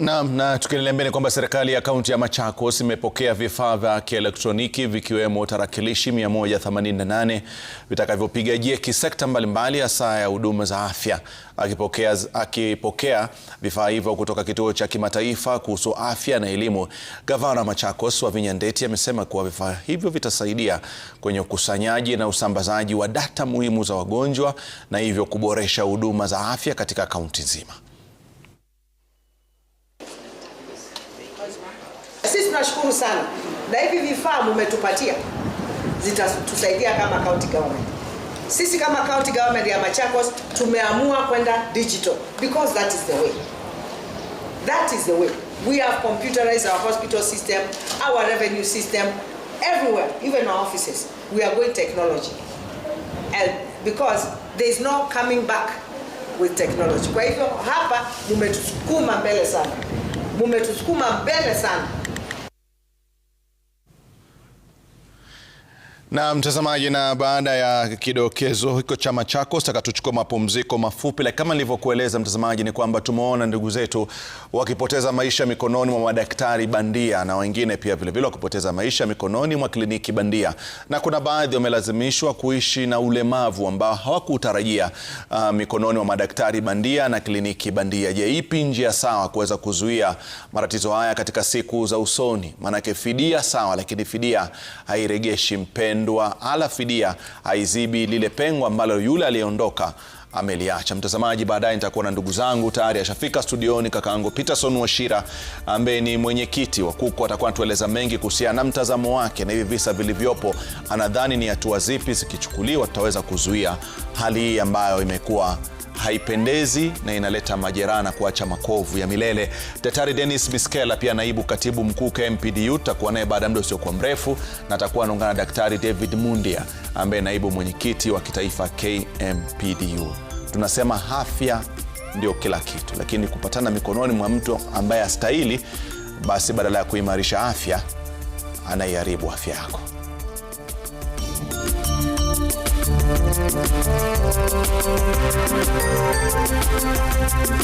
Naam, na tukiendelea mbele kwamba serikali ya kaunti ya Machakos imepokea vifaa vya kielektroniki vikiwemo tarakilishi 188 vitakavyopiga jeki sekta mbalimbali hasa ya huduma za afya. Akipokea, akipokea vifaa hivyo kutoka kituo cha kimataifa kuhusu afya na elimu, gavana Machakos Wavinya Ndeti amesema kuwa vifaa hivyo vitasaidia kwenye ukusanyaji na usambazaji wa data muhimu za wagonjwa na hivyo kuboresha huduma za afya katika kaunti nzima. Sisi tunashukuru sana, na hivi vifaa mmetupatia zitatusaidia kama county government. Sisi kama county government ya Machakos tumeamua kwenda digital because that is the way. That is the way. We have computerized our hospital system, our revenue system, everywhere, even our offices. We are going technology. And because there is no coming back with technology. Kwa hivyo hapa mumetusukuma mbele sana, mumetusukuma mbele sana. Na mtazamaji, na baada ya kidokezo hiko chama chako, sasa tuchukue mapumziko mafupi. Lakini kama nilivyokueleza mtazamaji, ni kwamba tumeona ndugu zetu wakipoteza maisha mikononi mwa madaktari bandia na wengine pia vilevile wakipoteza maisha mikononi mwa kliniki bandia, na kuna baadhi wamelazimishwa kuishi na ulemavu ambao hawakutarajia uh, mikononi mwa madaktari bandia na kliniki bandia. Je, ipi njia sawa kuweza kuzuia matatizo haya katika siku za usoni? Maanake fidia sawa, lakini fidia hairegeshi mpeni kupendwa ala fidia aizibi lile pengo ambalo yule aliyeondoka ameliacha. Mtazamaji, baadaye nitakuwa na ndugu zangu tayari ashafika studioni, kakaangu Peterson Washira ambaye ni mwenyekiti wa KUKU atakuwa anatueleza mengi kuhusiana na mtazamo wake na hivi visa vilivyopo, anadhani ni hatua zipi zikichukuliwa tutaweza kuzuia hali hii ambayo imekuwa haipendezi na inaleta majeraha na kuacha makovu ya milele. Daktari denis Miskela, pia naibu katibu mkuu KMPDU, takuwa naye baada ya muda usiokuwa mrefu, na atakuwa anaungana na Daktari David Mundia ambaye naibu mwenyekiti wa kitaifa KMPDU. Tunasema afya ndio kila kitu, lakini kupatana mikononi mwa mtu ambaye astahili basi badala ya kuimarisha afya anaiharibu afya yako. Ella se llama.